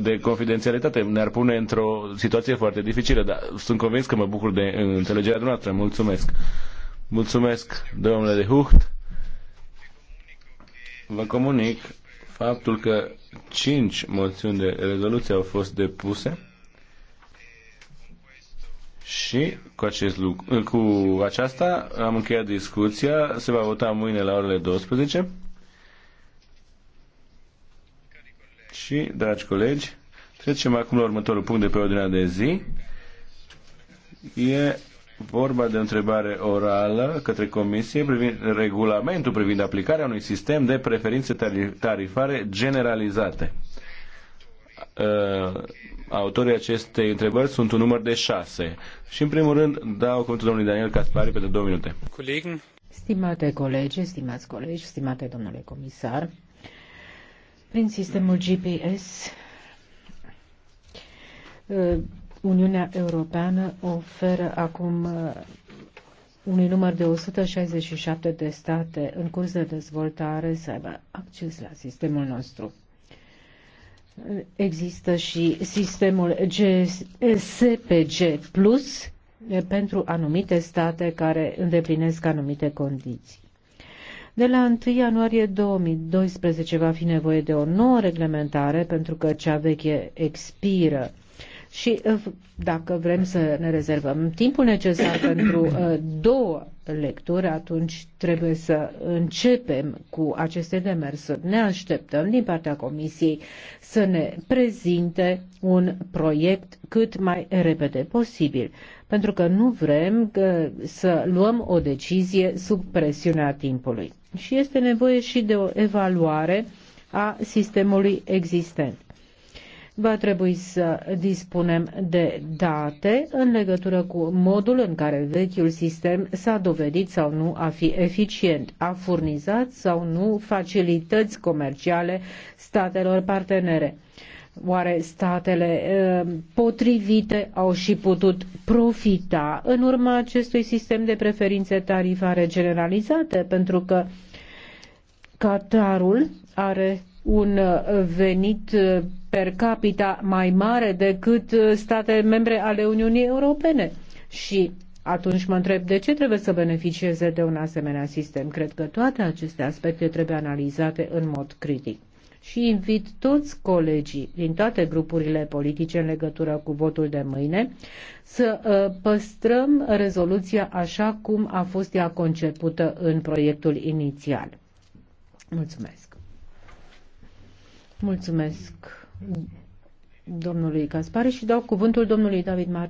de confidențialitate ne-ar pune într-o situație foarte dificilă, dar sunt convins că mă bucur de înțelegerea dumneavoastră. Mulțumesc. Mulțumesc, domnule de Hucht. Vă comunic faptul că cinci moțiuni de rezoluție au fost depuse și cu, acest lucru, cu aceasta am încheiat discuția. Se va vota mâine la orele 12. Și, dragi colegi, trecem acum la următorul punct de pe ordinea de zi. E vorba de întrebare orală către Comisie privind regulamentul privind aplicarea unui sistem de preferințe tarifare generalizate. Uh, autorii acestei întrebări sunt un număr de șase. Și în primul rând dau cuvântul domnului Daniel Caspari pentru două minute. Colegi. Stimate colegi, stimați colegi, stimate domnule comisar, prin sistemul GPS, uh, Uniunea Europeană oferă acum uh, unui număr de 167 de state în curs de dezvoltare să aibă acces la sistemul nostru. Există și sistemul SPG Plus uh, pentru anumite state care îndeplinesc anumite condiții. De la 1 ianuarie 2012 va fi nevoie de o nouă reglementare pentru că cea veche expiră. Și uh, dacă vrem să ne rezervăm timpul necesar pentru uh, două lecturi, atunci trebuie să începem cu aceste demersuri. Ne așteptăm din partea Comisiei să ne prezinte un proiect cât mai repede posibil, pentru că nu vrem uh, să luăm o decizie sub presiunea timpului și este nevoie și de o evaluare a sistemului existent. Va trebui să dispunem de date în legătură cu modul în care vechiul sistem s-a dovedit sau nu a fi eficient, a furnizat sau nu facilități comerciale statelor partenere. Oare statele uh, potrivite au și putut profita în urma acestui sistem de preferințe tarifare generalizate? Pentru că Qatarul are un uh, venit uh, per capita mai mare decât state membre ale Uniunii Europene. Și atunci mă întreb de ce trebuie să beneficieze de un asemenea sistem. Cred că toate aceste aspecte trebuie analizate în mod critic și invit toți colegii din toate grupurile politice în legătură cu votul de mâine să uh, păstrăm rezoluția așa cum a fost ea concepută în proiectul inițial. Mulțumesc. Mulțumesc domnului Caspari și dau cuvântul domnului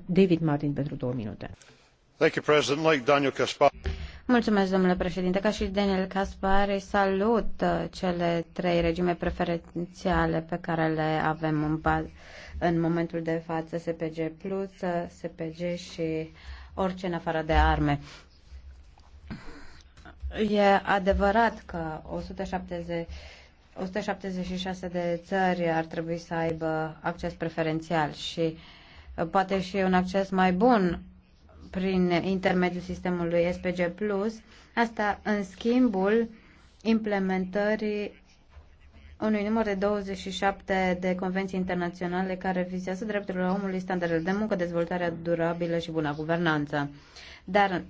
David, Martin pentru două minute. Thank you, President. Like Daniel Mulțumesc, domnule președinte. Ca și Daniel Caspar, salut uh, cele trei regime preferențiale pe care le avem în, în momentul de față, SPG+, SPG uh, și orice în afară de arme. E adevărat că 170 176 de țări ar trebui să aibă acces preferențial și uh, poate și un acces mai bun prin intermediul sistemului SPG+, asta în schimbul implementării unui număr de 27 de convenții internaționale care vizează drepturile omului, standardele de muncă, dezvoltarea durabilă și buna guvernanță. Dar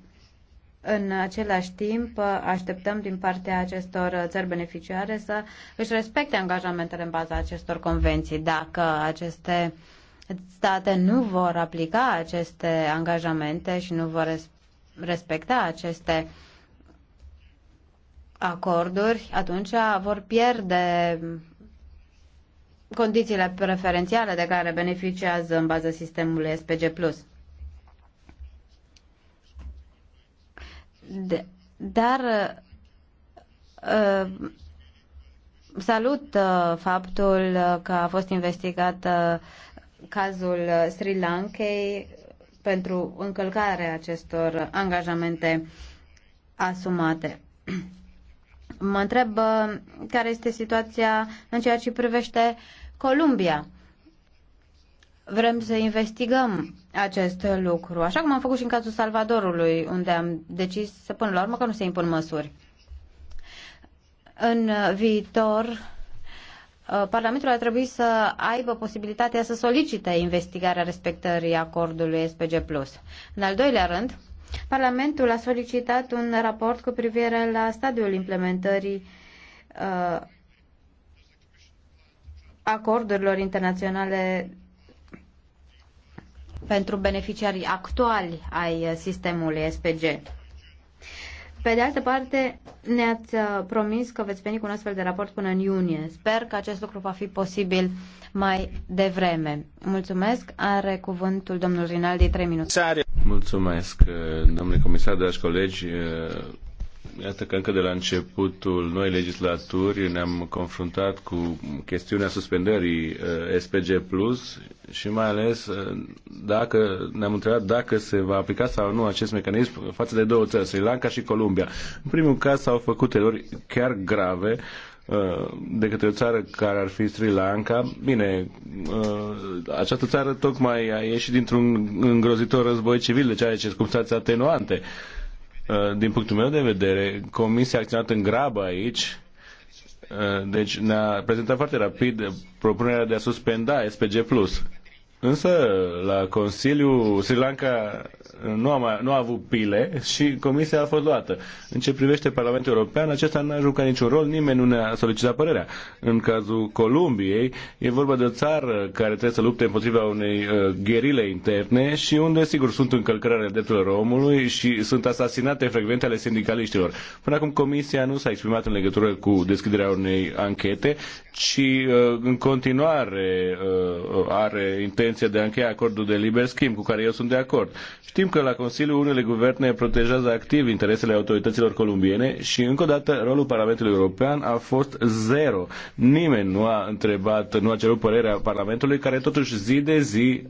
în același timp așteptăm din partea acestor țări beneficiare să își respecte angajamentele în baza acestor convenții. Dacă aceste uh, state nu vor aplica aceste angajamente și nu vor respecta aceste acorduri, atunci vor pierde condițiile preferențiale de care beneficiază în baza sistemului SPG+. De, dar uh, salut uh, faptul că a fost investigată uh, cazul Sri Lankei pentru încălcarea acestor angajamente asumate. Mă întreb uh, care este situația în ceea ce privește Columbia. Vrem să investigăm acest lucru, așa cum am făcut și în cazul Salvadorului, unde am decis să până la urmă că nu se impun măsuri. În viitor, Uh, Parlamentul ar trebui să aibă posibilitatea să solicite investigarea respectării acordului SPG+. În al doilea rând, Parlamentul a solicitat un raport cu privire la stadiul implementării uh, acordurilor internaționale pentru beneficiarii actuali ai sistemului SPG. Pe de altă parte, ne-ați uh, promis că veți veni cu un astfel de raport până în iunie. Sper că acest lucru va fi posibil mai devreme. Mulțumesc. Are cuvântul domnul Rinaldi, 3 minute. Mulțumesc, uh, domnule comisar, dragi colegi. Uh, Iată că încă de la începutul noi legislaturi ne-am confruntat cu chestiunea suspendării uh, SPG Plus și mai ales uh, dacă ne-am întrebat dacă se va aplica sau nu acest mecanism față de două țări, Sri Lanka și Columbia. În primul caz s-au făcut erori chiar grave uh, de către o țară care ar fi Sri Lanka. Bine, această țară tocmai a ieșit dintr-un îngrozitor război civil, deci are circunstanțe atenuante. Uh, din punctul meu de vedere, Comisia a acționat în grabă aici, uh, deci ne-a prezentat foarte rapid propunerea de a suspenda SPG+. Însă, la Consiliu, Sri Lanka nu a, mai, nu a avut pile și comisia a fost luată. În ce privește Parlamentul European, acesta nu a jucat niciun rol, nimeni nu ne-a solicitat părerea. În cazul Columbiei, e vorba de o țară care trebuie să lupte împotriva unei uh, gherile interne și unde, sigur, sunt încălcări ale drepturilor omului și sunt asasinate frecvente ale sindicaliștilor. Până acum, comisia nu s-a exprimat în legătură cu deschiderea unei anchete, ci uh, în continuare uh, are inter intenție de a încheia acordul de liber schimb, cu care eu sunt de acord. Știm că la Consiliu unele guverne protejează activ interesele autorităților columbiene și, încă o dată, rolul Parlamentului European a fost zero. Nimeni nu a întrebat, nu a cerut părerea Parlamentului, care totuși zi de zi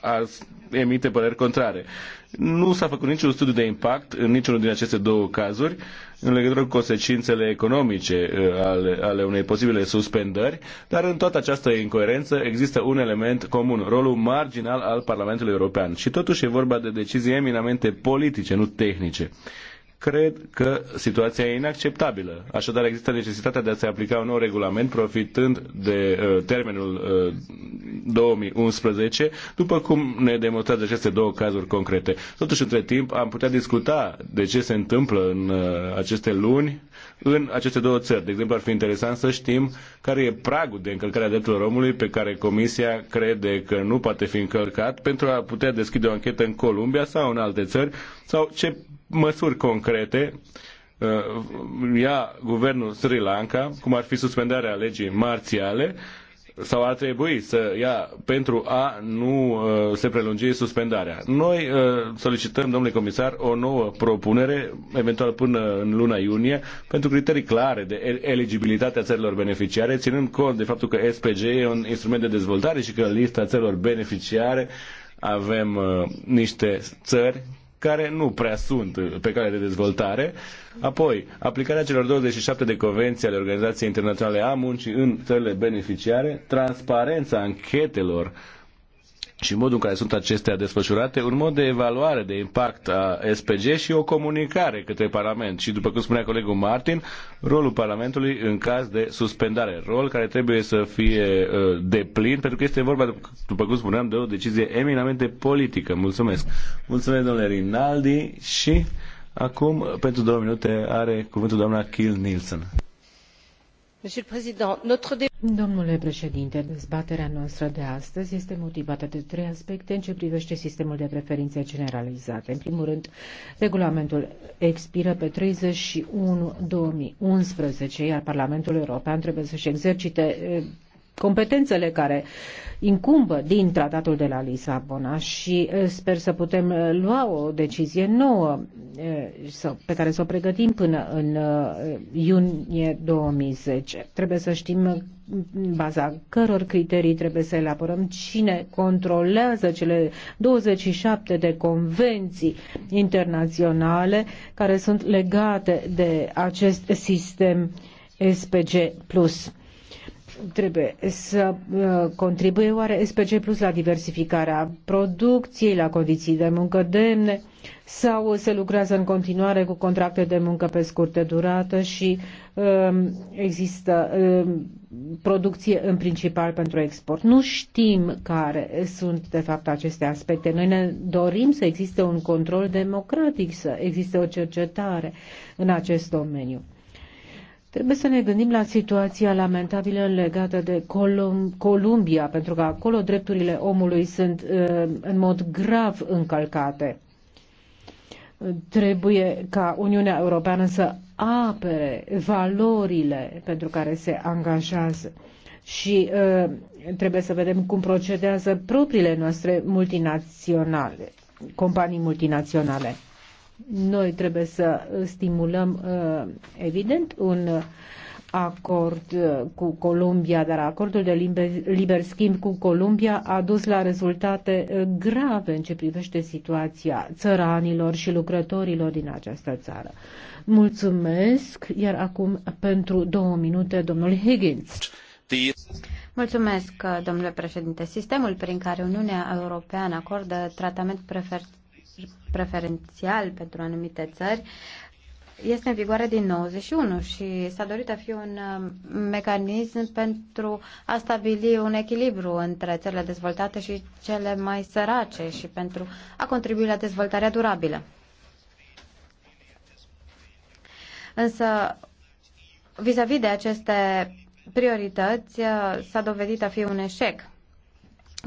uh, emite păreri contrare. Uh, nu s-a făcut niciun studiu de impact în niciunul din aceste două cazuri în legătură cu consecințele economice uh, ale, ale unei posibile suspendări, dar în toată această incoerență există un element comun, rolul marginal al Parlamentului European. Și totuși e vorba de decizii eminamente politice, nu tehnice cred că situația e inacceptabilă. Așadar, există necesitatea de a se aplica un nou regulament profitând de uh, termenul uh, 2011, după cum ne demonstrează aceste două cazuri concrete. Totuși, între timp, am putea discuta de ce se întâmplă în uh, aceste luni în aceste două țări. De exemplu, ar fi interesant să știm care e pragul de încălcare a drepturilor omului pe care Comisia crede că nu poate fi încălcat pentru a putea deschide o anchetă în Columbia sau în alte țări sau ce măsuri concrete uh, ia guvernul Sri Lanka, cum ar fi suspendarea legii marțiale, sau ar trebui să ia pentru a nu uh, se prelungi suspendarea. Noi uh, solicităm, domnule comisar, o nouă propunere, eventual până în luna iunie, pentru criterii clare de eligibilitate a țărilor beneficiare, ținând cont de faptul că SPG e un instrument de dezvoltare și că în lista țărilor beneficiare avem niște țări care nu prea sunt uh, pe cale de dezvoltare. Apoi, aplicarea celor 27 de convenții ale Organizației Internaționale a Muncii în țările beneficiare, transparența anchetelor și modul în care sunt acestea desfășurate, un mod de evaluare de impact a SPG și o comunicare către Parlament. Și după cum spunea colegul Martin, rolul Parlamentului în caz de suspendare, rol care trebuie să fie uh, deplin, pentru că este vorba, după cum spuneam, de o decizie eminamente politică. Mulțumesc! Mulțumesc, domnule Rinaldi, și acum, pentru două minute, are cuvântul doamna Kill Nielsen. Domnule președinte, dezbaterea noastră de astăzi este motivată de trei aspecte în ce privește sistemul de preferințe generalizate. În primul rând, regulamentul expiră pe 31 2011, iar Parlamentul European trebuie să-și exercite eh, competențele care incumbă din tratatul de la Lisabona și eh, sper să putem eh, lua o decizie nouă eh, pe care să o pregătim până în iunie 2010. Trebuie să știm în baza căror criterii trebuie să elaborăm cine controlează cele 27 de convenții internaționale care sunt legate de acest sistem SPG+ trebuie să uh, contribuie oare SPC Plus la diversificarea producției, la condiții de muncă demne sau se lucrează în continuare cu contracte de muncă pe scurtă durată și um, există um, producție în principal pentru export. Nu știm care sunt de fapt aceste aspecte. Noi ne dorim să existe un control democratic, să existe o cercetare în acest domeniu. Trebuie să ne gândim la situația lamentabilă legată de Colum- Columbia, pentru că acolo drepturile omului sunt uh, în mod grav încălcate. Trebuie ca Uniunea Europeană să apere valorile pentru care se angajează și uh, trebuie să vedem cum procedează propriile noastre multinaționale, companii multinaționale. Noi trebuie să stimulăm, uh, evident, un acord uh, cu Columbia, dar acordul de liber, liber schimb cu Columbia a dus la rezultate uh, grave în ce privește situația țăranilor și lucrătorilor din această țară. Mulțumesc, iar acum pentru două minute domnul Higgins. Mulțumesc, domnule președinte. Sistemul prin care Uniunea Europeană acordă tratament preferat preferențial pentru anumite țări este în vigoare din 91 și s-a dorit a fi un uh, mecanism pentru a stabili un echilibru între țările dezvoltate și cele mai sărace și pentru a contribui la dezvoltarea durabilă. Însă, vis-a-vis -vis de aceste priorități, uh, s-a dovedit a fi un eșec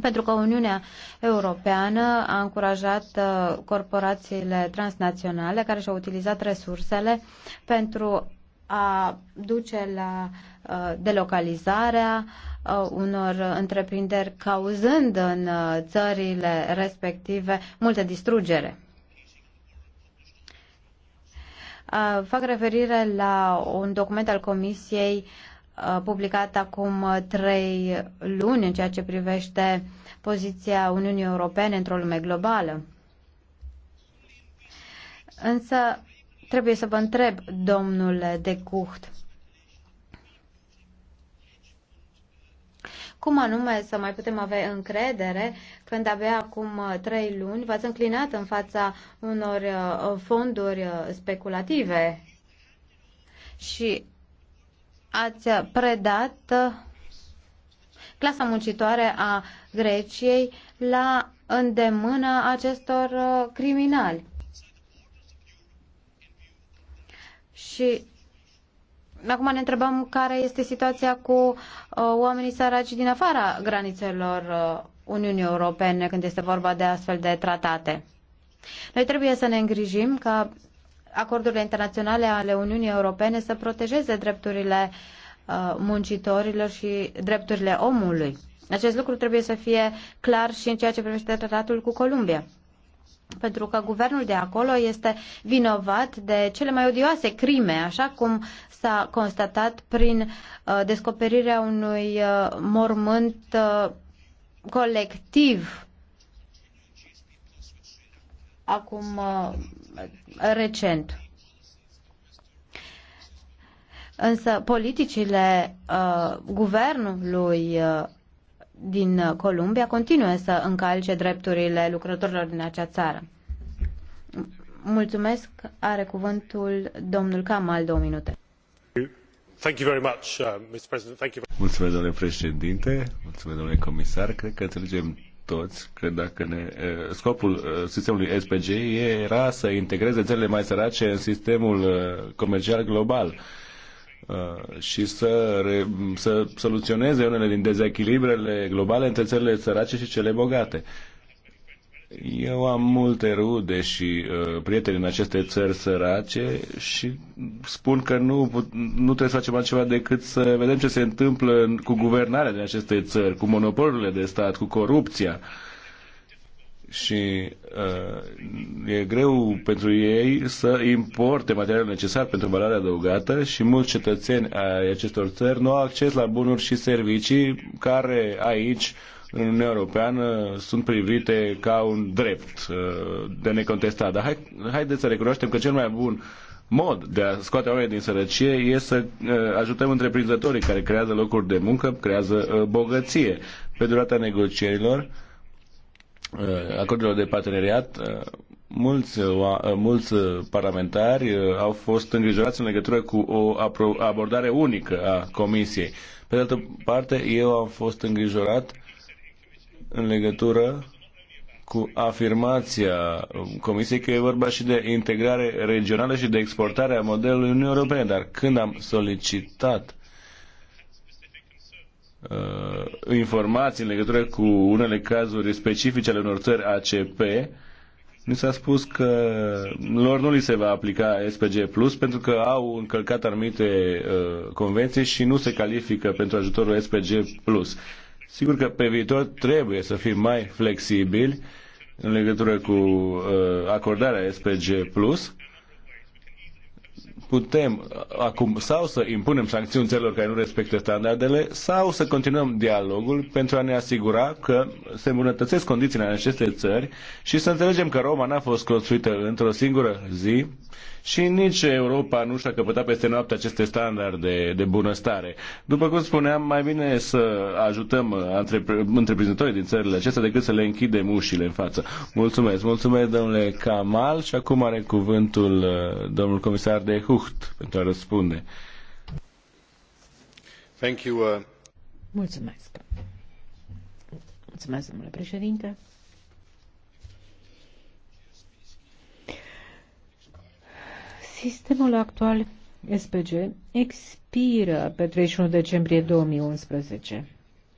pentru că Uniunea Europeană a încurajat uh, corporațiile transnaționale care și-au utilizat resursele pentru a duce la uh, delocalizarea uh, unor întreprinderi, cauzând în țările respective multe distrugere. Fac referire la un document al Comisiei publicat acum uh, trei luni în ceea ce privește poziția Uniunii Europene într-o lume globală. Însă trebuie să vă întreb, domnule de Cucht, cum anume să mai putem avea încredere când abia acum uh, trei luni v-ați înclinat în fața unor uh, fonduri speculative și ați predat uh, clasa muncitoare a Greciei la îndemână acestor uh, criminali. Și acum ne întrebăm care este situația cu uh, oamenii săraci din afara granițelor uh, Uniunii Europene când este vorba de astfel de tratate. Noi trebuie să ne îngrijim ca acordurile internaționale ale Uniunii Europene să protejeze drepturile uh, muncitorilor și drepturile omului. Acest lucru trebuie să fie clar și în ceea ce privește tratatul cu Columbia. Pentru că guvernul de acolo este vinovat de cele mai odioase crime, așa cum s-a constatat prin uh, descoperirea unui uh, mormânt uh, colectiv acum uh, recent. Însă politicile uh, guvernului uh, din Columbia continuă să încalce drepturile lucrătorilor din acea țară. Mulțumesc. Are cuvântul domnul Kamal, două minute. Thank you very much, uh, Mr. President. Thank you. Mulțumesc, domnule președinte, mulțumesc, domnule comisar. Cred că înțelegem toți că dacă ne, scopul sistemului SPG era să integreze țările mai sărace în sistemul comercial global și să, re, să soluționeze unele din dezechilibrele globale între țările sărace și cele bogate. Eu am multe rude și uh, prieteni în aceste țări sărace și spun că nu, nu trebuie să facem altceva decât să vedem ce se întâmplă cu guvernarea din aceste țări, cu monopolurile de stat, cu corupția. Și uh, e greu pentru ei să importe materialul necesar pentru valoarea adăugată și mulți cetățeni ai acestor țări nu au acces la bunuri și servicii care aici uh, în Uniunea Europeană sunt privite ca un drept uh, de necontestat. Dar hai, haideți să recunoaștem că cel mai bun mod de a scoate oamenii din sărăcie e să uh, ajutăm întreprinzătorii care creează locuri de muncă, creează uh, bogăție. Pe durata negocierilor, acordurilor de parteneriat, mulți, mulți parlamentari au fost îngrijorați în legătură cu o abordare unică a Comisiei. Pe de altă parte, eu am fost îngrijorat în legătură cu afirmația Comisiei că e vorba și de integrare regională și de exportare a modelului Uniunii Europene, dar când am solicitat uh, informații în legătură cu unele cazuri specifice ale unor țări ACP, mi s-a spus că lor nu li se va aplica SPG Plus pentru că au încălcat anumite uh, convenții și nu se califică pentru ajutorul SPG Plus. Sigur că pe viitor trebuie să fim mai flexibili în legătură cu uh, acordarea SPG+. Putem uh, acum sau să impunem sancțiuni celor care nu respectă standardele sau să continuăm dialogul pentru a ne asigura că se îmbunătățesc condițiile în aceste țări și să înțelegem că Roma n-a fost construită într-o singură zi și nici Europa nu și-a căpătat peste noapte aceste standarde de bunăstare. După cum spuneam, mai bine să ajutăm întreprinzătorii din țările acestea decât să le închidem ușile în față. Mulțumesc, mulțumesc domnule Kamal și acum are cuvântul uh, domnul comisar de Hucht pentru a răspunde. Thank you, uh... Mulțumesc. Mulțumesc, domnule președinte. Sistemul actual SPG expiră pe 31 decembrie 2011.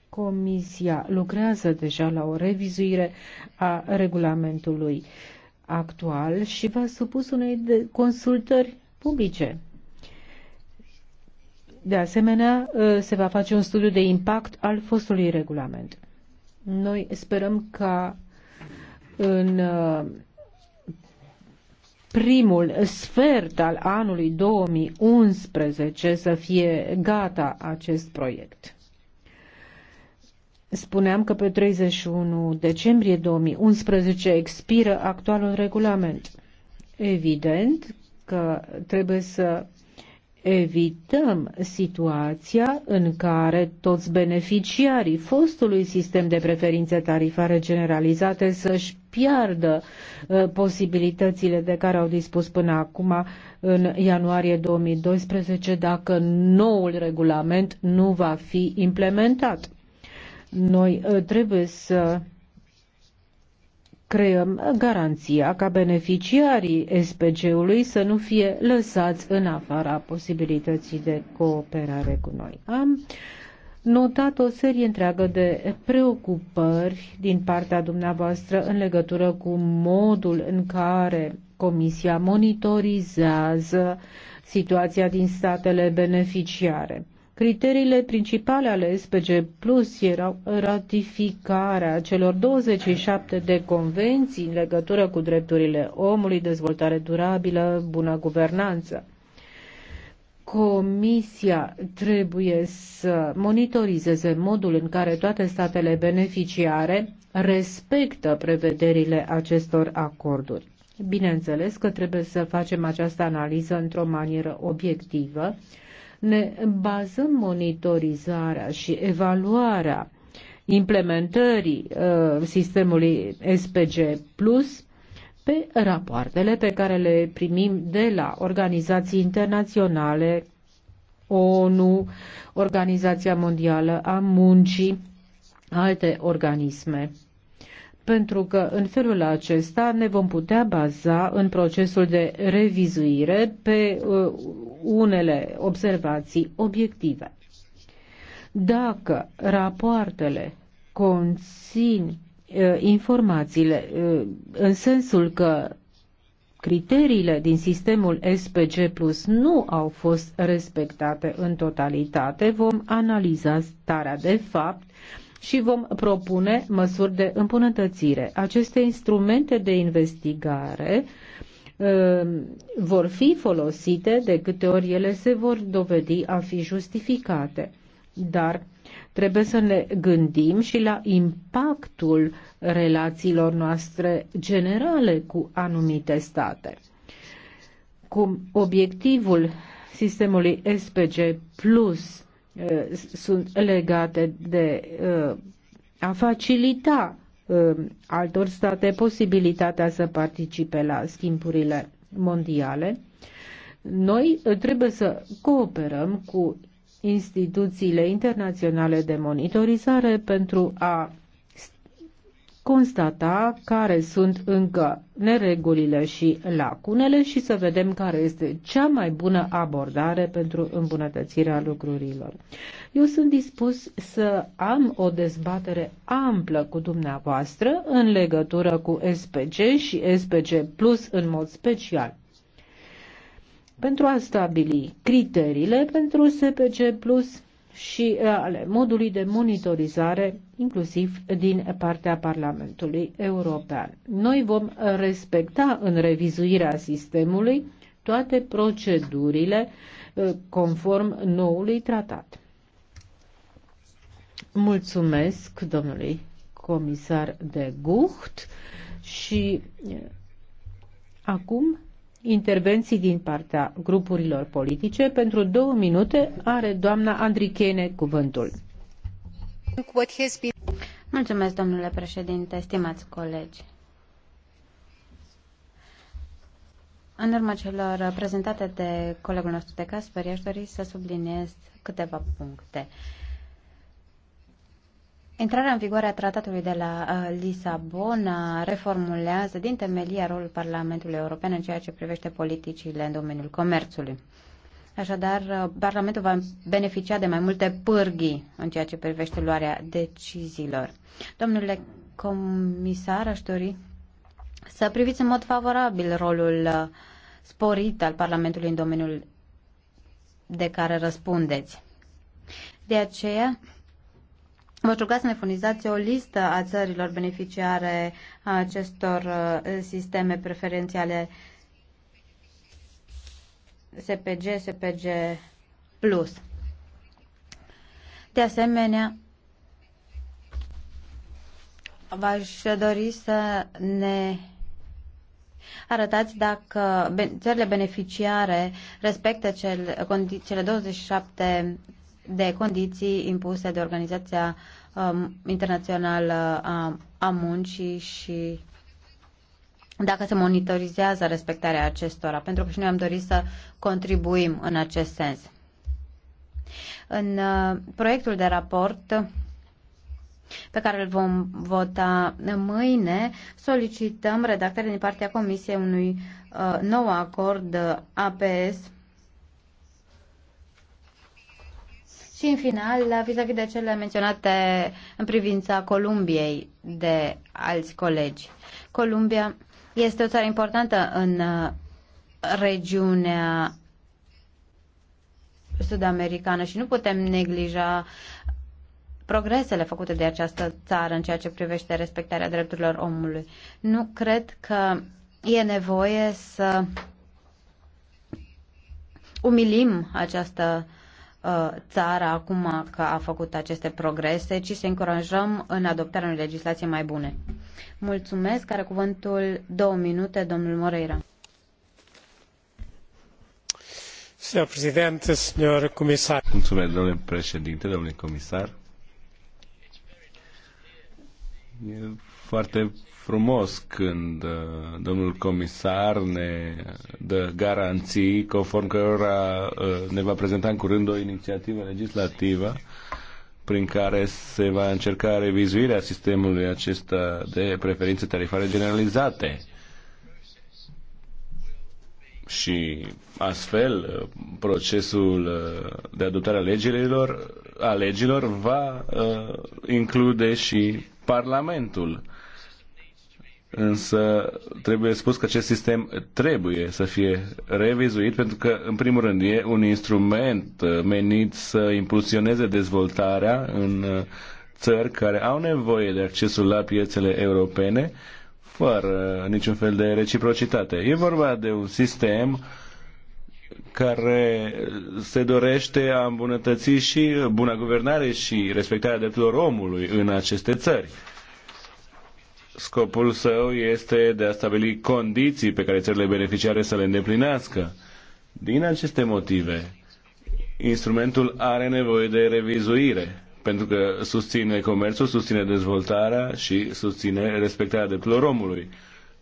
Comisia lucrează deja la o revizuire a regulamentului actual și va supus unei consultări publice. De asemenea, ă, se va face un studiu de impact al fostului regulament. Noi sperăm ca în ă, primul sfert al anului 2011 să fie gata acest proiect. Spuneam că pe 31 decembrie 2011 expiră actualul regulament. Evident că trebuie să evităm situația în care toți beneficiarii fostului sistem de preferințe tarifare generalizate să-și piardă uh, posibilitățile de care au dispus până acum în ianuarie 2012 dacă noul regulament nu va fi implementat. Noi uh, trebuie să creăm garanția ca beneficiarii SPG-ului să nu fie lăsați în afara posibilității de cooperare cu noi. Am notat o serie întreagă de preocupări din partea dumneavoastră în legătură cu modul în care Comisia monitorizează situația din statele beneficiare. Criteriile principale ale SPG Plus erau ratificarea celor 27 de convenții în legătură cu drepturile omului, dezvoltare durabilă, bună guvernanță. Comisia trebuie să monitorizeze modul în care toate statele beneficiare respectă prevederile acestor acorduri. Bineînțeles că trebuie să facem această analiză într-o manieră obiectivă, ne bazăm monitorizarea și evaluarea implementării uh, sistemului SPG Plus pe rapoartele pe care le primim de la organizații internaționale, ONU, Organizația Mondială a Muncii, alte organisme. Pentru că în felul acesta ne vom putea baza în procesul de revizuire pe uh, unele observații obiective. Dacă rapoartele conțin informațiile în sensul că criteriile din sistemul SPG Plus nu au fost respectate în totalitate, vom analiza starea de fapt și vom propune măsuri de îmbunătățire. Aceste instrumente de investigare uh, Ehm, vor fi folosite de câte ori ele se vor dovedi a fi justificate. Dar trebuie să ne gândim și la impactul relațiilor noastre generale cu anumite state. Cum obiectivul sistemului SPG Plus eh, sunt legate de eh, a facilita Um, altor state posibilitatea să participe la schimburile mondiale. Noi uh, trebuie să cooperăm cu instituțiile internaționale de monitorizare pentru a constata care sunt încă neregulile și lacunele și să vedem care este cea mai bună abordare pentru îmbunătățirea lucrurilor. Eu sunt dispus să am o dezbatere amplă cu dumneavoastră în legătură cu SPC și SPC Plus în mod special pentru a stabili criteriile pentru SPC Plus și uh, ale modului de monitorizare, inclusiv din partea Parlamentului European. Noi vom respecta în revizuirea sistemului toate procedurile uh, conform noului tratat. Mulțumesc domnului comisar de Gucht și uh, acum intervenții din partea grupurilor politice. Pentru două minute are doamna Andrichene cuvântul. Mulțumesc, domnule președinte, stimați colegi. În urma celor prezentate de colegul nostru de Casper, aș dori să subliniez câteva puncte. Uh, Intrarea în vigoare a tratatului de la uh, Lisabona reformulează din temelia rolul Parlamentului European în ceea ce privește politicile în domeniul comerțului. Așadar, uh, Parlamentul va beneficia de mai multe pârghii în ceea ce privește luarea deciziilor. Domnule comisar, aș dori să priviți în mod favorabil rolul uh, sporit al Parlamentului în domeniul de care răspundeți. De aceea, Vă ruga să ne furnizați o listă a țărilor beneficiare a acestor uh, sisteme preferențiale SPG, SPG+. De asemenea, v-aș dori să ne arătați dacă țările beneficiare respectă cele 27 de condiții impuse de Organizația um, Internațională a, a Muncii și dacă se monitorizează respectarea acestora, pentru că și noi am dorit să contribuim în acest sens. În uh, proiectul de raport pe care îl vom vota mâine, solicităm redactarea din partea Comisiei unui uh, nou acord APS Și în final, vis-a-vis -vis de cele menționate în privința Columbiei de alți colegi. Columbia este o țară importantă în uh, regiunea sud-americană și nu putem neglija progresele făcute de această țară în ceea ce privește respectarea drepturilor omului. Nu cred că e nevoie să umilim această uh, Uh, țara acum că a făcut aceste progrese, ci să încurajăm în adoptarea unei legislații mai bune. Mulțumesc. Are cuvântul două minute, domnul Moreira. comisar. Mulțumesc, domnule președinte, domnule comisar. E foarte frumos când uh, domnul comisar ne dă garanții conform cărora uh, ne va prezenta în curând o inițiativă legislativă prin care se va încerca revizuirea sistemului acesta de preferințe tarifare generalizate. Și astfel, uh, procesul de adoptare a legilor, a legilor va include și Parlamentul Însă trebuie spus că acest sistem trebuie să fie revizuit pentru că, în primul rând, e un instrument uh, menit să impulsioneze dezvoltarea în uh, țări care au nevoie de accesul la piețele europene fără niciun fel de reciprocitate. E vorba de un sistem care se dorește a îmbunătăți și buna guvernare și respectarea drepturilor omului în aceste țări. Scopul său este de a stabili condiții pe care țările beneficiare să le îndeplinească. Din aceste motive, instrumentul are nevoie de revizuire, pentru că susține comerțul, susține dezvoltarea și susține respectarea drepturilor omului.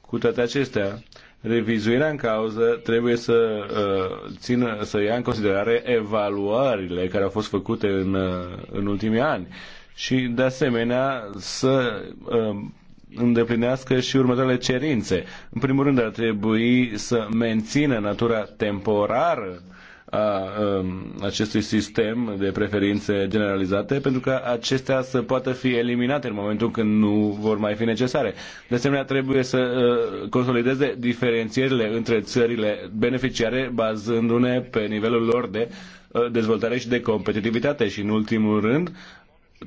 Cu toate acestea, revizuirea în cauză trebuie să, uh, țină, să ia în considerare evaluările care au fost făcute în, uh, în ultimii ani și, de asemenea, să uh, îndeplinească și următoarele cerințe. În primul rând ar trebui să mențină natura temporară a um, acestui sistem de preferințe generalizate pentru că acestea să poată fi eliminate în momentul când nu vor mai fi necesare. De asemenea, trebuie să uh, consolideze diferențierile între țările beneficiare bazându-ne pe nivelul lor de uh, dezvoltare și de competitivitate și, în ultimul rând,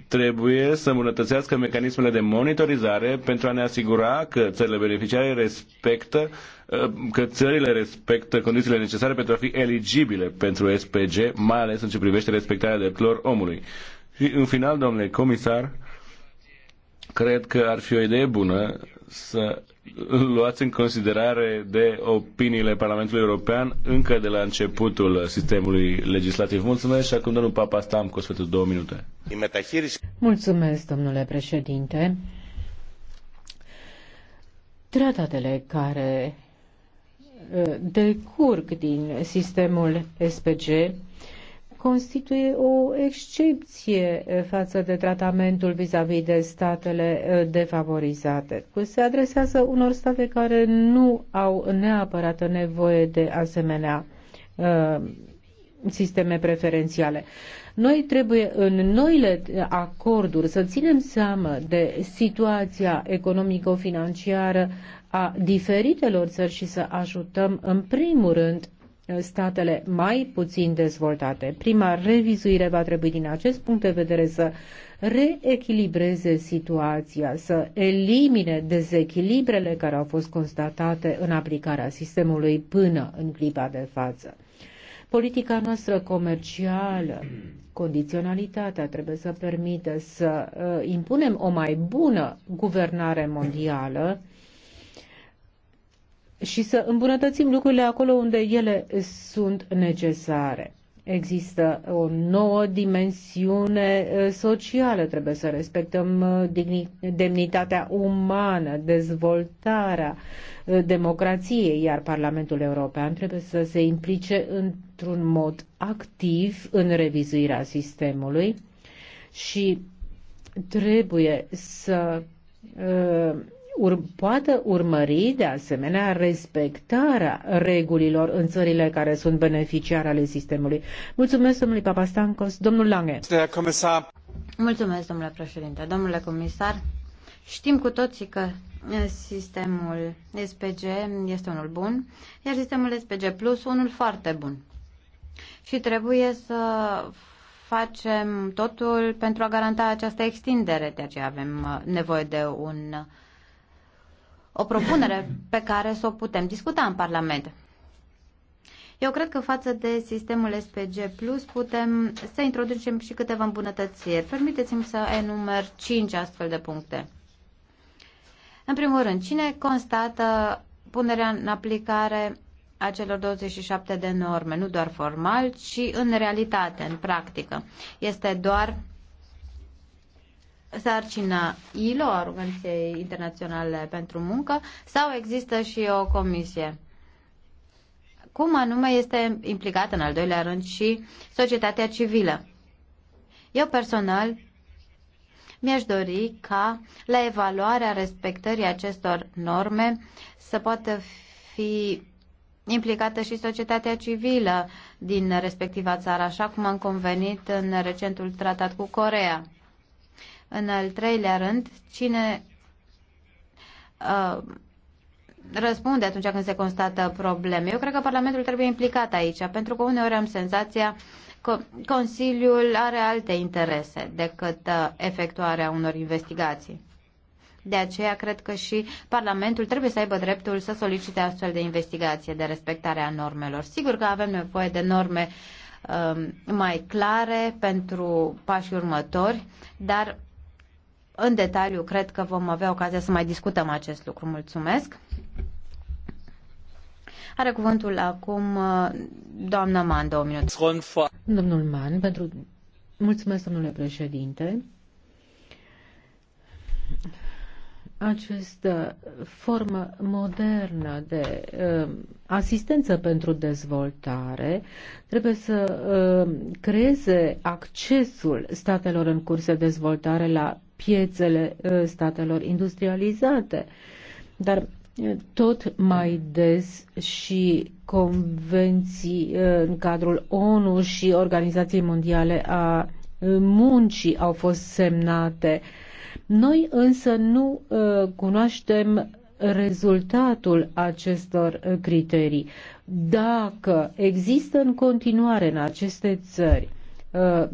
trebuie să îmbunătățească mecanismele de monitorizare pentru a ne asigura că țările beneficiare respectă, uh, că țările respectă condițiile necesare pentru a fi eligibile pentru SPG, mai ales în ce privește respectarea drepturilor omului. Și în final, domnule comisar, cred că ar fi o idee bună să luați în considerare de opiniile Parlamentului European încă de la începutul sistemului legislativ. Mulțumesc și acum domnul Papa cu sfătul două minute. Mulțumesc, domnule președinte. Tratatele care eh, decurg din sistemul SPG constituie o excepție eh, față de tratamentul vis-a-vis -vis de statele eh, defavorizate. Se adresează unor state care nu au neapărat nevoie de asemenea eh, sisteme preferențiale. Noi trebuie în noile acorduri să ținem seama de situația economico-financiară a diferitelor țări și să ajutăm în primul rând statele mai puțin dezvoltate. Prima revizuire va trebui din acest punct de vedere să reechilibreze situația, să elimine dezechilibrele care au fost constatate în aplicarea sistemului până în clipa de față. Politica noastră comercială, condiționalitatea trebuie să permită să uh, impunem o mai bună guvernare mondială și să îmbunătățim lucrurile acolo unde ele sunt necesare. Există o nouă dimensiune eh, socială, trebuie să respectăm eh, demnitatea umană, dezvoltarea eh, democrației, iar Parlamentul European trebuie să se implice într-un mod activ în revizuirea sistemului și trebuie să uh, ur- poată urmări de asemenea respectarea regulilor în țările care sunt beneficiare ale sistemului. Mulțumesc domnului Papastancos, domnul Lange. Mulțumesc, domnule președinte. Domnule comisar, știm cu toții că sistemul SPG este unul bun, iar sistemul SPG Plus unul foarte bun. Și trebuie să facem totul pentru a garanta această extindere, de aceea avem uh, nevoie de un o propunere pe care să o putem discuta în Parlament. Eu cred că față de sistemul SPG Plus putem să introducem și câteva îmbunătățiri. Permiteți-mi să enumer 5 astfel de puncte. În primul rând, cine constată punerea în aplicare a celor 27 de norme, nu doar formal, ci în realitate, în practică. Este doar sarcina ILO, a Organizației Internaționale pentru Muncă, sau există și o comisie? Cum anume este implicată în al doilea rând și societatea civilă? Eu personal mi-aș dori ca la evaluarea respectării acestor norme să poată fi implicată și societatea civilă din respectiva țară, așa cum am convenit în recentul tratat cu Corea. În al treilea rând, cine uh, răspunde atunci când se constată probleme? Eu cred că Parlamentul trebuie implicat aici, pentru că uneori am senzația că Consiliul are alte interese decât uh, efectuarea unor investigații. De aceea cred că și Parlamentul trebuie să aibă dreptul să solicite astfel de investigație de respectarea normelor. Sigur că avem nevoie de norme um, mai clare pentru pașii următori, dar în detaliu cred că vom avea ocazia să mai discutăm acest lucru. Mulțumesc! Are cuvântul acum uh, doamna Man, două minute. Domnul Man, pentru... Mulțumesc, domnule președinte. Această uh, formă modernă de uh, asistență pentru dezvoltare trebuie să uh, creeze accesul statelor în curs de dezvoltare la piețele uh, statelor industrializate. Dar uh, tot mai des și convenții uh, în cadrul ONU și Organizației Mondiale a Muncii au fost semnate. Noi însă nu cunoaștem rezultatul acestor criterii. Dacă există în continuare în aceste țări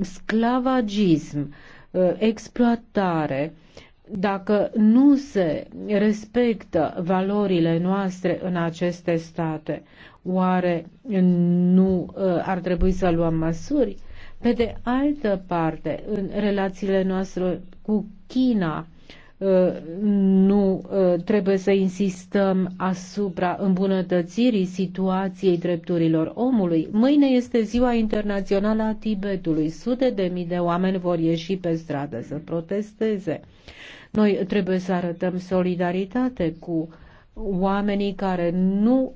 sclavagism, Uh, exploatare, dacă nu se respectă valorile noastre în aceste state, oare nu uh, ar trebui să luăm măsuri? Pe de altă parte, în relațiile noastre cu China, Uh, nu uh, trebuie să insistăm asupra îmbunătățirii situației drepturilor omului. Mâine este Ziua Internațională a Tibetului. Sute de mii de oameni vor ieși pe stradă să protesteze. Noi trebuie să arătăm solidaritate cu oamenii care nu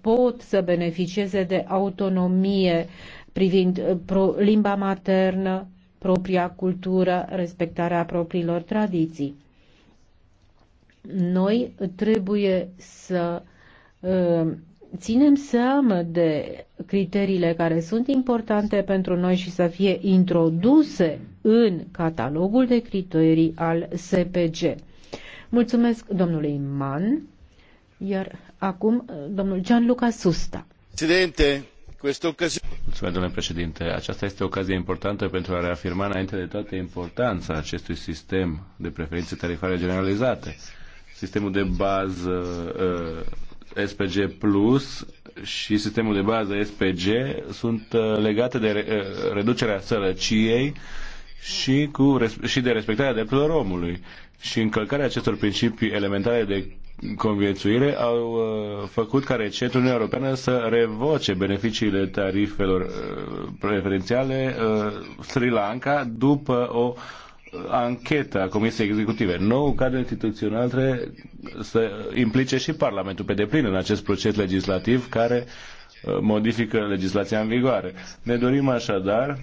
pot să beneficieze de autonomie privind uh, limba maternă, propria cultură, respectarea propriilor tradiții. Noi trebuie să uh, ținem seama de criteriile care sunt importante pentru noi și să fie introduse în catalogul de criterii al SPG. Mulțumesc domnului Mann, iar acum uh, domnul Gianluca Susta. Presidente, domnule președinte. Aceasta este o ocazie importantă pentru a reafirma înainte de toate importanța acestui sistem de preferințe tarifare generalizate. Sistemul de bază uh, SPG Plus și sistemul de bază SPG sunt uh, legate de re, uh, reducerea sărăciei și, cu, și de respectarea drepturilor omului. Și încălcarea acestor principii elementare de conviețuire au uh, făcut ca recent Uniunea Europeană să revoce beneficiile tarifelor uh, preferențiale uh, Sri Lanka după o anchetă a Comisiei Executive. Nou cadru instituțional trebuie să implice și Parlamentul pe deplin în acest proces legislativ care modifică legislația în vigoare. Ne dorim așadar uh,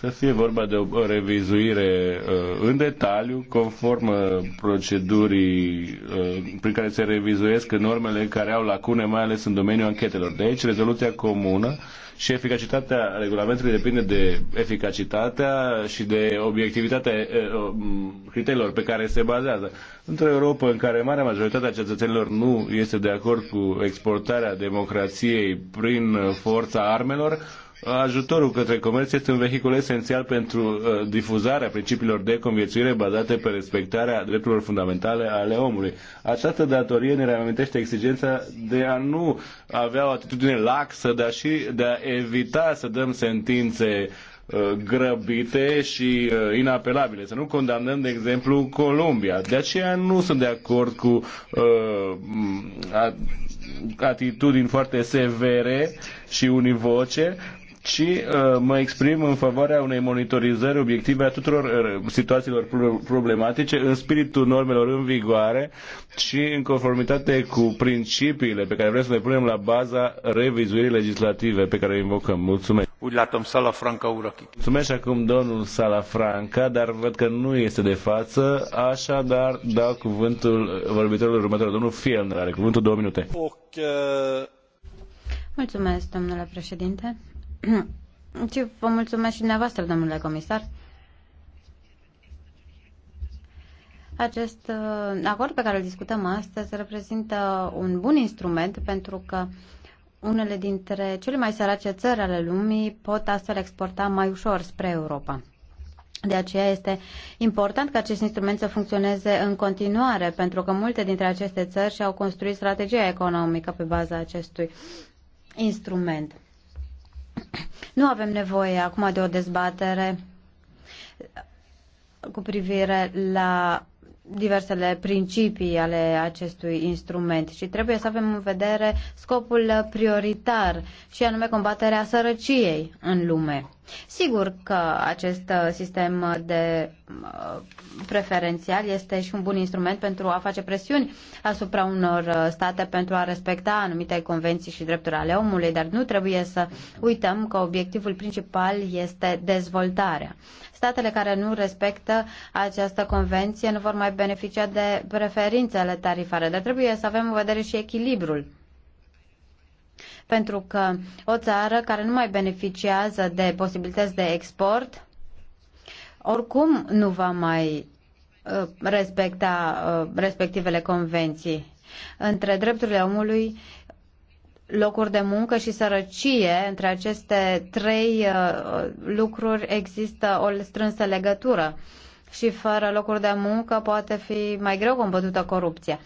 să fie vorba de o revizuire uh, în detaliu, conform uh, procedurii uh, prin care se revizuiesc normele care au lacune, mai ales în domeniul anchetelor. De aici, rezoluția comună și eficacitatea regulamentului depinde de eficacitatea și de obiectivitatea uh, um, criteriilor pe care se bazează. Într-o Europa în care marea majoritate a cetățenilor nu este de acord cu exportarea democrației prin uh, forța armelor, Ajutorul către comerț este un vehicul esențial pentru uh, difuzarea principiilor de conviețuire bazate pe respectarea drepturilor fundamentale ale omului. Această datorie ne reamintește exigența de a nu avea o atitudine laxă, dar și de a evita să dăm sentințe uh, grăbite și uh, inapelabile. Să nu condamnăm, de exemplu, Columbia. De aceea nu sunt de acord cu uh, atitudini foarte severe și univoce ci uh, mă exprim în favoarea unei monitorizări obiective a tuturor uh, situațiilor problematice în spiritul normelor în vigoare și în conformitate cu principiile pe care vrem să le punem la baza revizuirii legislative pe care le invocăm. Mulțumesc! sala Salafranca Urachi. Mulțumesc acum domnul Salafranca, dar văd că nu este de față, așadar dau cuvântul vorbitorului următor, domnul Fielner, are cuvântul două minute. Uh, Mulțumesc, domnule președinte și vă mulțumesc și dumneavoastră, domnule comisar. Acest uh, acord pe care îl discutăm astăzi reprezintă un bun instrument pentru că unele dintre cele mai sărace țări ale lumii pot astfel exporta mai ușor spre Europa. De aceea este important ca acest instrument să funcționeze în continuare, pentru că multe dintre aceste țări și-au construit strategia economică pe baza acestui instrument. Nu avem nevoie acum de o dezbatere cu privire la diversele principii ale acestui instrument și trebuie să avem în vedere scopul prioritar și anume combaterea sărăciei în lume. Sigur că acest sistem de uh, preferențial este și un bun instrument pentru a face presiuni asupra unor state pentru a respecta anumite convenții și drepturi ale omului, dar nu trebuie să uităm că obiectivul principal este dezvoltarea. Statele care nu respectă această convenție nu vor mai beneficia de preferințele tarifare, dar trebuie să avem în vedere și echilibrul. Pentru că o țară care nu mai beneficiază de posibilități de export, oricum nu va mai uh, respecta uh, respectivele convenții. Între drepturile omului locuri de muncă și sărăcie, între aceste trei uh, lucruri există o strânsă legătură și fără locuri de muncă poate fi mai greu combătută corupția.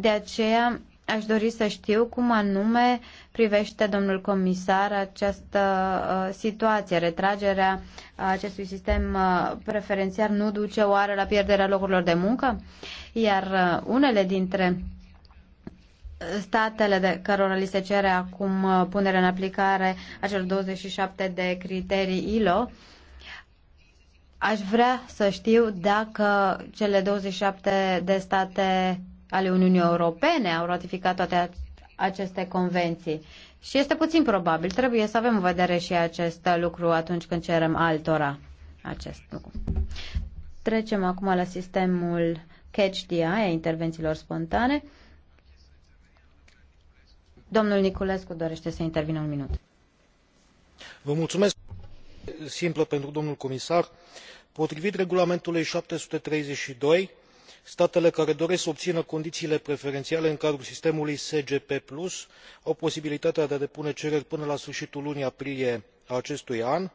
De aceea aș dori să știu cum anume privește domnul comisar această uh, situație. Retragerea acestui sistem uh, preferențiar nu duce oare la pierderea locurilor de muncă? Iar unele dintre statele de cărora li se cere acum uh, punerea în aplicare a celor 27 de criterii ILO, aș vrea să știu dacă cele 27 de state ale Uniunii Europene au ratificat toate aceste convenții. Și este puțin probabil. Trebuie să avem în vedere și acest lucru atunci când cerem altora acest lucru. Trecem acum la sistemul catch the eye, a intervențiilor spontane. Domnul Niculescu dorește să intervină un minut. Vă mulțumesc. Simplă pentru domnul comisar. Potrivit regulamentului 732, statele care doresc să obțină condițiile preferențiale în cadrul sistemului sgp au posibilitatea de a depune cereri până la sfârșitul lunii aprilie a acestui an.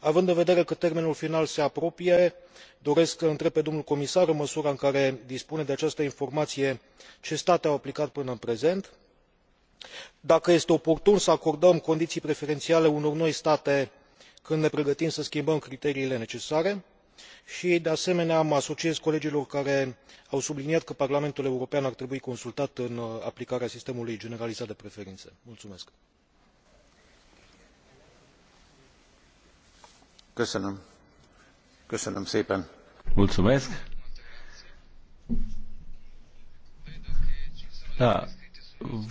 având în vedere că termenul final se apropie doresc să întreb pe domnul comisar în măsura în care dispune de această informație ce state au aplicat până în prezent? dacă este oportun să acordăm condiii prefereniale unor noi state când ne pregătim să schimbăm criteriile necesare i de asemenea mă asociez colegilor care au subliniat că parlamentul european ar trebui consultat în uh, aplicarea sistemului generalizat de preferine. da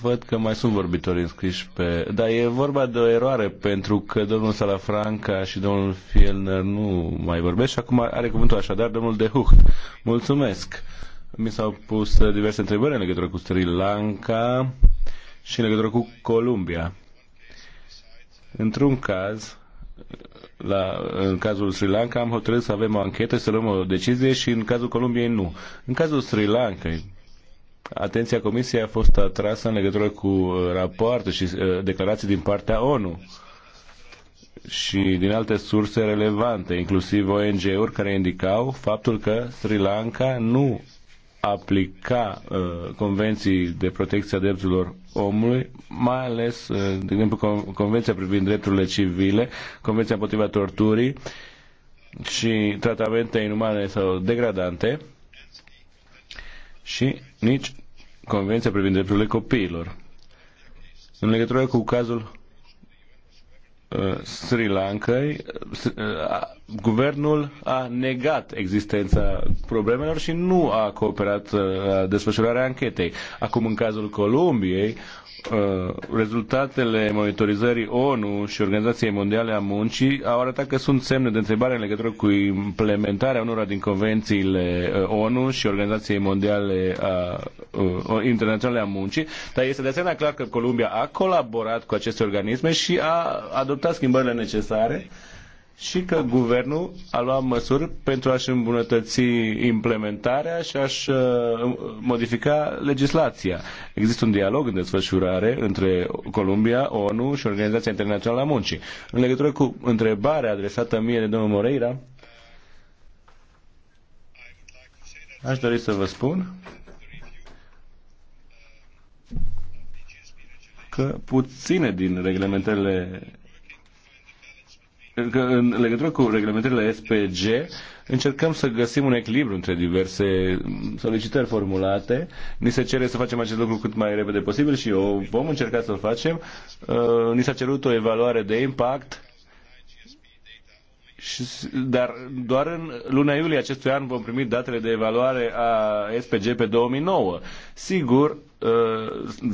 Văd că mai sunt vorbitori înscriși pe... Dar e vorba de o eroare, pentru că domnul Salafranca și domnul Fielner nu mai vorbesc și acum are cuvântul așadar domnul De Hucht. Mulțumesc! Mi s-au pus diverse întrebări în legătură cu Sri Lanka și în legătură cu Columbia. Într-un caz, la, în cazul Sri Lanka, am hotărât să avem o anchetă, să luăm o decizie și în cazul Columbiei nu. În cazul Sri Lanka, Atenția Comisiei a fost atrasă în legătură cu uh, rapoarte și uh, declarații din partea ONU și din alte surse relevante, inclusiv ONG-uri care indicau faptul că Sri Lanka nu aplica uh, convenții de protecție a drepturilor omului, mai ales, uh, de exemplu, Convenția privind drepturile civile, Convenția împotriva torturii și tratamente inumane sau degradante și nici Convenția privind drepturile copiilor. În legătură cu cazul uh, Sri Lankai, uh, guvernul a negat existența problemelor și nu a cooperat uh, la desfășurarea anchetei. Acum, în cazul Columbiei, uh, rezultatele monitorizării ONU și Organizației Mondiale a Muncii au arătat că sunt semne de întrebare în legătură cu implementarea unora din convențiile uh, ONU și Organizației Mondiale a, Internaționale a Muncii, dar este de asemenea clar că Columbia a colaborat cu aceste organisme și a adoptat schimbările necesare și că guvernul a luat măsuri pentru a-și îmbunătăți implementarea și a-și uh, modifica legislația. Există un dialog în desfășurare între Columbia, ONU și Organizația Internațională a Muncii. În legătură cu întrebarea adresată mie de domnul Moreira, aș dori să vă spun că puține din reglementările că în legătură cu reglementările SPG încercăm să găsim un echilibru între diverse solicitări formulate. Ni se cere să facem acest lucru cât mai repede posibil și o vom încerca să-l facem. Uh, ni s-a cerut o evaluare de impact și, dar doar în luna iulie acestui an vom primi datele de evaluare a SPG pe 2009. Sigur, uh,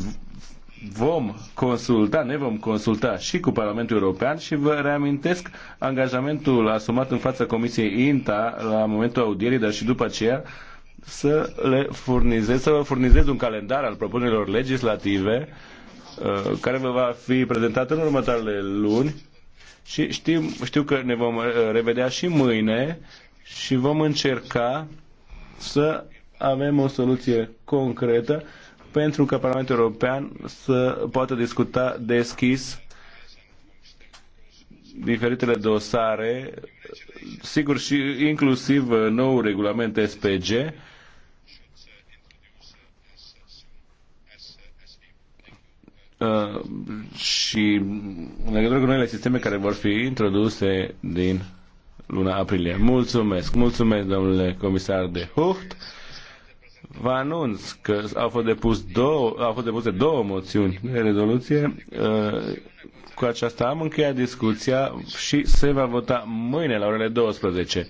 vom consulta, ne vom consulta și cu Parlamentul European și vă reamintesc angajamentul asumat în fața Comisiei INTA la momentul audierii, dar și după aceea să le furnizez, să vă furnizez un calendar al propunerilor legislative uh, care vă va fi prezentat în următoarele luni și știm, știu că ne vom uh, revedea și mâine și vom încerca să avem o soluție concretă pentru ca Parlamentul European să poată discuta deschis diferitele dosare, sigur și inclusiv uh, nou regulament SPG, Uh, și în legătură cu noile sisteme care vor fi introduse din luna aprilie. Mulțumesc, mulțumesc domnule comisar de Hucht. Vă anunț că au fost, depus două, au fost depuse două moțiuni de rezoluție. Uh, cu aceasta am încheiat discuția și se va vota mâine la orele 12.